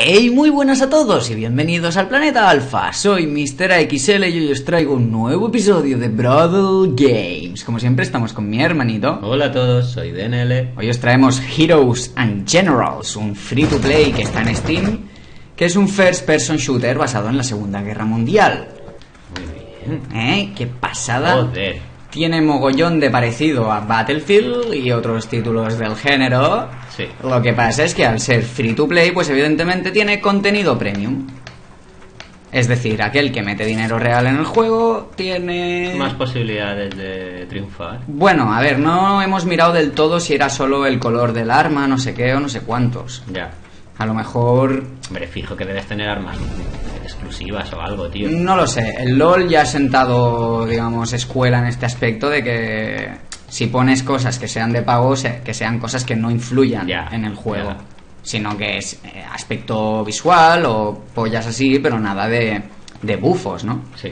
¡Hey! Muy buenas a todos y bienvenidos al Planeta Alpha. Soy Mr. XL y hoy os traigo un nuevo episodio de Brother Games. Como siempre estamos con mi hermanito. Hola a todos, soy DNL. Hoy os traemos Heroes and Generals, un free to play que está en Steam, que es un first person shooter basado en la Segunda Guerra Mundial. Muy bien. ¿Eh? ¡Qué pasada! Joder. Tiene mogollón de parecido a Battlefield y otros títulos del género lo que pasa es que al ser free to play, pues evidentemente tiene contenido premium. Es decir, aquel que mete dinero real en el juego tiene... Más posibilidades de triunfar. Bueno, a ver, no hemos mirado del todo si era solo el color del arma, no sé qué o no sé cuántos. Ya. A lo mejor... Hombre, fijo que debes tener armas exclusivas o algo, tío. No lo sé. El LOL ya ha sentado, digamos, escuela en este aspecto de que si pones cosas que sean de pago, que sean cosas que no influyan en el juego. Sino que es eh, aspecto visual o pollas así, pero nada de, bufos, ¿no? Sí.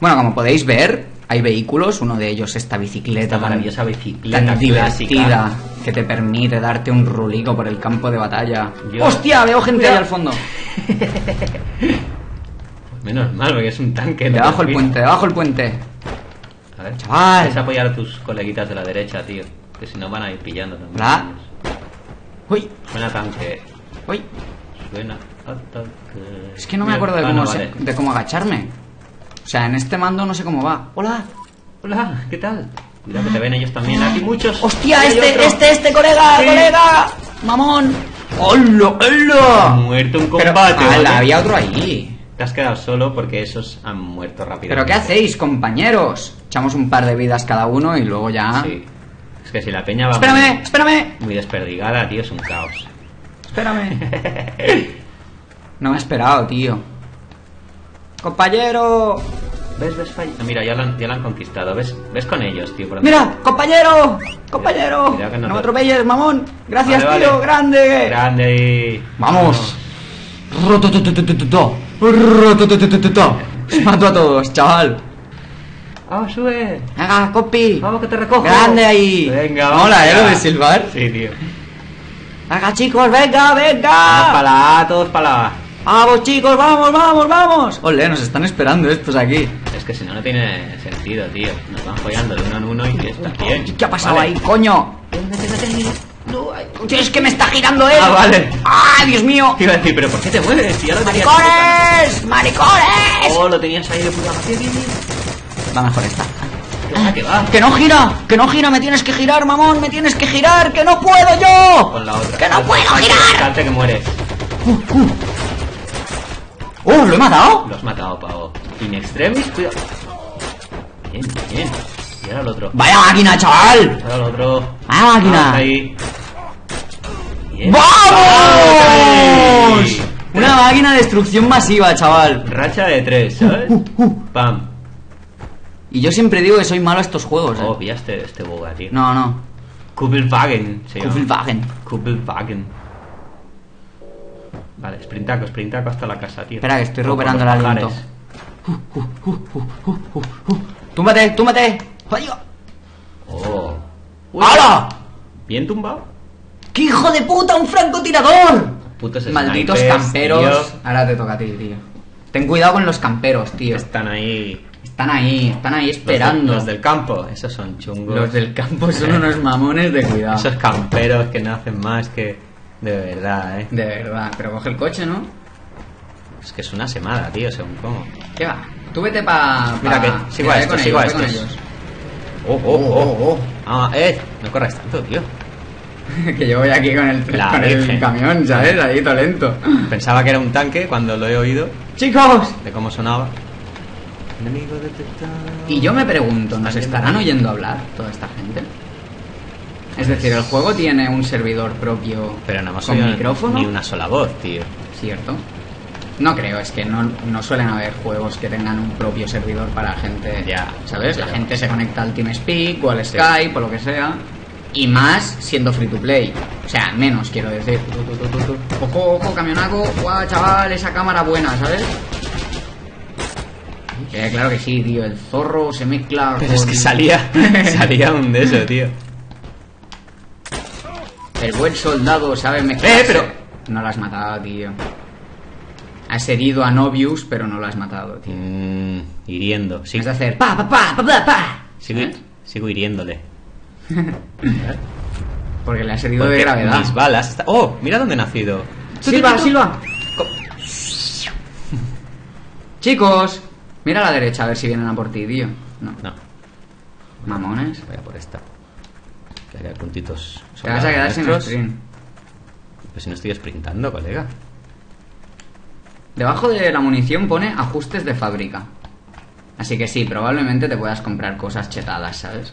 Bueno, como podéis ver, hay vehículos, uno de ellos esta bicicleta maravillosa bicicleta tan divertida que te permite darte un rulico por el campo de batalla. ¡Hostia! Veo gente ahí al fondo. Menos mal, porque es un tanque. Debajo el puente, debajo el puente. A apoyar a tus coleguitas de la derecha, tío. Que si no van a ir pillando también. ¡Hola! Uy. Suena tanque. Uy. Suena tanque. Es que no me acuerdo de, ah, cómo, de cómo agacharme. O sea, en este mando no sé cómo va. Hola. Hola, ¿qué tal? Cuidado que te ven ellos también. Aquí muchos. ¡Hostia! Este, este, este, colega, colega. Mamón. ¡Hola, hola! Muerto un combate. había otro ahí. Te has quedado solo porque esos han muerto rápido. ¿Pero qué hacéis, compañeros? echamos un par de vidas cada uno y luego ya. Es que si la peña va. ¡Espérame! Muy, ¡Espérame! Muy desperdigada, tío, es un caos. ¡Espérame! no me he esperado, tío. ¡Compañero! ¿Ves, ves? fallo mira, ya lo, han, ya lo han conquistado. ¿Ves? ¿Ves con ellos, tío? ¡Mira! ¡Compañero! ¡Compañero! no, no me atropelles, mamón. Gracias, tío. ¡Grande! ¡Grande! ¡Vamos! ¡Rotototototototo! ¡Mato a todos, chaval! Vamos, sube. ¡Venga, copi. Vamos que te recojo. Grande ahí. Venga, vamos. Hola, ¿eh? Lo de silbar. Sí, tío. venga! chicos, venga, venga. Vamos para la, todos para la. Vamos, chicos, vamos, vamos, vamos. Ole, nos están esperando estos aquí. Es que si no, no tiene sentido, tío. Nos van follando de uno en uno y está bien. ¿Qué ha pasado ahí, coño? No, es que me está girando él. Ah, vale. ¡Ah, Dios mío! Te iba a decir, pero ¿por qué te mueves? Si ya ¡Maricones! ¡Maricones! ¡Oh, lo tenías ahí de puta madre! Va mejor esta. que no gira! ¡Que no gira! ¡Me tienes que girar, mamón! ¡Me tienes que girar! ¡Que no puedo yo! Con la otra. ¡Que no puedo girar! Salte que mueres. Uh, ¡Oh, lo he matado! Lo has matado, pavo. In extremis, cuidado. Bien, bien. Y ahora el otro. ¡Vaya máquina, chaval! Ahora el otro. ¡Vaya máquina! Ahí. ¡Vamos! Una máquina de destrucción masiva, chaval. Racha de tres, ¿sabes? Uh, Pam. Y yo siempre digo que soy malo a estos juegos. Eh. Oh, pillaste este boga, tío. No, no. Kuppelwagen. Kuppelwagen. Kuppelwagen. Vale, sprintaco, sprintaco hasta la casa, tío. Espera, que estoy recuperando el aliento. Uh uh, uh, uh, uh, túmbate, túmbate. ¡Oh! ¡Hala! ¿Bien tumbado? ¡Qué hijo de puta! ¡Un francotirador! Putos Malditos camperos. Ahora te toca a ti, tío. Ten cuidado con los camperos, tío. Están ahí están ahí, están ahí esperando. Los, del campo, esos son chungos. Los del campo son unos mamones de cuidado. Esos camperos que no hacen más que. De verdad, eh. De verdad, pero coge el coche, ¿no? Es que es una semada, tío, según cómo. ¿Qué va? Tú vete para... Mira, que sigo a estos, sigo a estos. Oh, oh, ellos. Oh, oh, oh, oh. Ah, eh, no corras tanto, tío. que yo voy aquí con el, con el camión, ¿sabes? Ahí todo lento. Pensaba que era un tanque cuando lo he oído. ¡Chicos! De cómo sonaba. Y yo me pregunto, ¿nos estarán oyendo hablar toda esta gente? Es decir, el juego tiene un servidor propio Pero no con micrófono. ni una sola voz, tío. Cierto. No creo, es que no, suelen haber juegos que tengan un propio servidor para gente. Ya. ¿Sabes? La gente se conecta al TeamSpeak o al Skype o lo que sea. Y más siendo free to play. O sea, menos quiero decir. Ojo, ojo, camionaco. Guau, chaval, esa cámara buena, ¿sabes? Eh, claro que sí, tío. El zorro se mezcla. Pero es que salía. salía un de eso, tío. El buen soldado sabe mezclar. Eh, pero! No lo has matado, tío. Has herido a Novius, pero no lo has matado, tío. Mmm... hiriendo. Sí. Vas a hacer. ¡Pa, pa, pa, pa, pa! pa. Sigo, ¿Eh? hiriéndole. Porque le has herido de gravedad. Mis balas. Está... ¡Oh! Mira dónde he nacido. ¡Silva, Silva! Chicos, Mira a la derecha a ver si vienen a por ti, tío. No. No. Mamones. Voy a por esta. Que hay puntitos. Te vas a quedar sin sprint. Pues si no estoy sprintando, colega. Debajo de la munición pone ajustes de fábrica. Así que sí, probablemente te puedas comprar cosas chetadas, ¿sabes?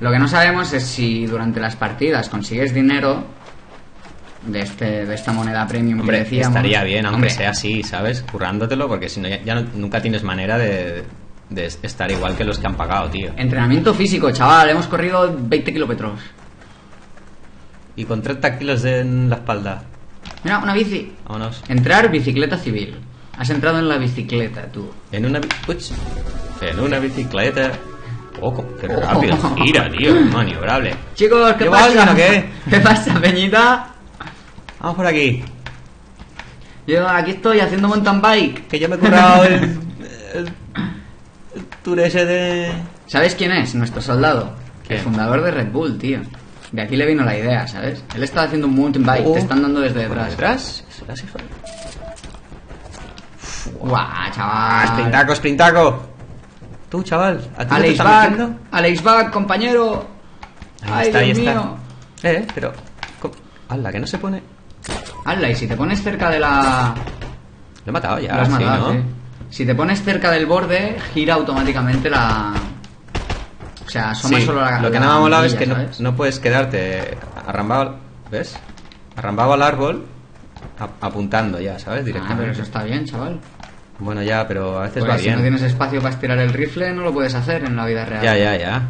Lo que no sabemos es si durante las partidas consigues dinero de, este, de esta moneda premium hombre, Estaría bien, aunque sea así, ¿sabes? Currándotelo, porque si no, ya, nunca tienes manera de, estar igual que los que han pagado, tío. Entrenamiento físico, chaval, hemos corrido 20 kilómetros. Y con 30 kilos en la espalda. Mira, una bici. Vámonos. Entrar bicicleta civil. Has entrado en la bicicleta, tú. En una, en una bicicleta. Poco, qué oh. rápido. Gira, tío, maniobrable. Chicos, ¿qué pasa? qué? ¿Qué pasa, Peñita? Vamos por aquí. Yo aquí estoy haciendo mountain bike. Que yo me he currado el, el, el de... ¿Sabes quién es? Nuestro soldado. El fundador de Red Bull, tío. De aquí le vino la idea, ¿sabes? Él está haciendo un mountain bike, te uh. están dando desde detrás. ¿Detrás? ¿Detrás, Guau, chaval. Sprintaco, sprintaco. Tú, chaval. ¿A ti Alex no te Back, Alex Back, compañero. Ahí Ay, está, Dios mío. Eh, pero. ¡Hala, que no se pone! Hazla, y si te pones cerca de la. Lo he matado ya, sí, ¿no? Si te pones cerca del borde, gira automáticamente la. O sea, asoma solo la Lo que nada me ha molado es que no, puedes quedarte arrambado. ¿Ves? Arrambado al árbol, apuntando ya, ¿sabes? Directamente. Ah, pero eso está bien, chaval. Bueno, ya, pero a veces pues va Si no tienes espacio para estirar el rifle, no lo puedes hacer en la vida real. Ya, ya, ya.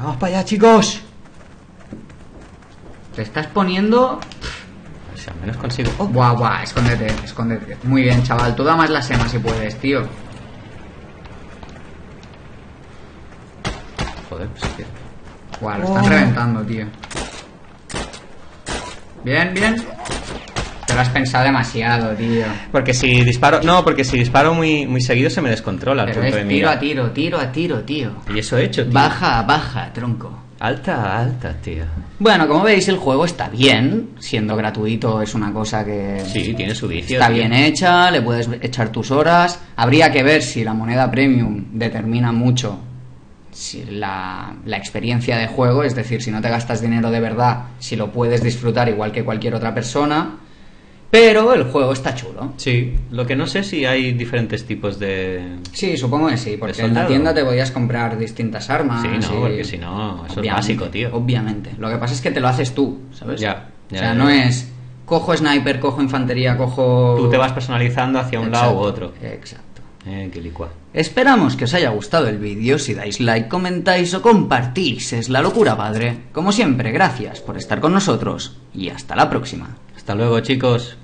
Vamos para allá, chicos. Te estás poniendo. si al menos consigo. Guau, guau, escóndete, escóndete. Muy bien, chaval. Tú da más la sema si puedes, tío. Joder, pues sí Guau, lo están oh. reventando, tío. Bien, bien. Te lo has pensado demasiado, tío. Porque si disparo. No, porque si disparo muy, muy seguido se me descontrola es tiro a tiro, tiro a tiro, tío. Y eso he hecho, tío. Baja, baja, tronco. Alta, alta, tío. Bueno, como veis, el juego está bien. Siendo gratuito es una cosa que... Sí, tiene su Está bien hecha, le puedes echar tus horas. Habría que ver si la moneda premium determina mucho si la, la, experiencia de juego. Es decir, si no te gastas dinero de verdad, si lo puedes disfrutar igual que cualquier otra persona. Pero el juego está chulo. Sí, lo que no sé si hay diferentes tipos de. Sí, supongo que sí, porque en la tienda te podías comprar distintas armas. Sí, no, porque si no, eso es básico, tío. Obviamente. Lo que pasa es que te lo haces tú, ¿sabes? Ya. o sea, no es cojo sniper, cojo infantería, cojo. Tú te vas personalizando hacia un lado u otro. Exacto. Eh, qué licua. Esperamos que os haya gustado el vídeo. Si dais like, comentáis o compartís, es la locura, padre. Como siempre, gracias por estar con nosotros y hasta la próxima. Hasta luego, chicos.